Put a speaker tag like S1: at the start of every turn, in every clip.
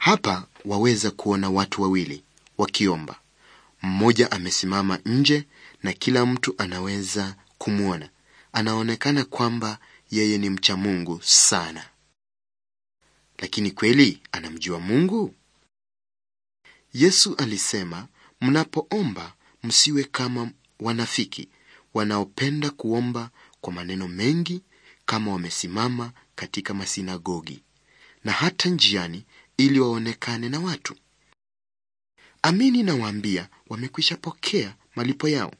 S1: Hapa waweza kuona watu wawili wakiomba. Mmoja amesimama nje na kila mtu anaweza kumwona. Anaonekana kwamba yeye ni mcha Mungu sana. Lakini kweli anamjua Mungu? Yesu alisema, mnapoomba msiwe kama wanafiki wanaopenda kuomba kwa maneno mengi, kama wamesimama katika masinagogi na hata njiani ili waonekane na watu. Amini nawaambia, wamekwisha pokea malipo yao.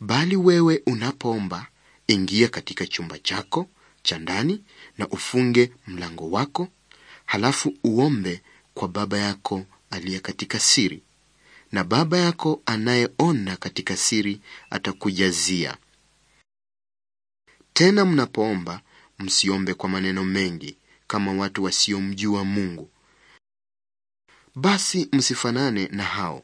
S1: Bali wewe unapoomba, ingia katika chumba chako cha ndani na ufunge mlango wako, halafu uombe kwa Baba yako aliye katika siri, na Baba yako anayeona katika siri atakujazia. Tena mnapoomba, msiombe kwa maneno mengi kama watu wasiomjua Mungu. Basi msifanane na hao,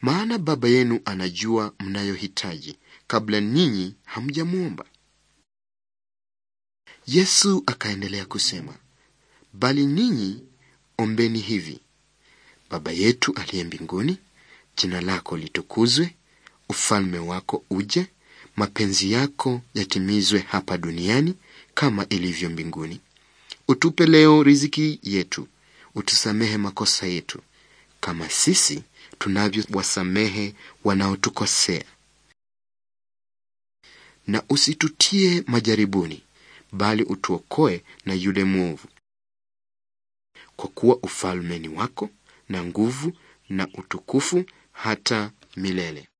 S1: maana Baba yenu anajua mnayohitaji kabla ninyi hamjamwomba. Yesu akaendelea kusema, bali ninyi ombeni hivi: Baba yetu aliye mbinguni, jina lako litukuzwe, ufalme wako uje, mapenzi yako yatimizwe hapa duniani kama ilivyo mbinguni. Utupe leo riziki yetu, utusamehe makosa yetu kama sisi tunavyowasamehe wanaotukosea, na usitutie majaribuni, bali utuokoe na yule mwovu, kwa kuwa ufalme ni wako na nguvu na utukufu hata milele.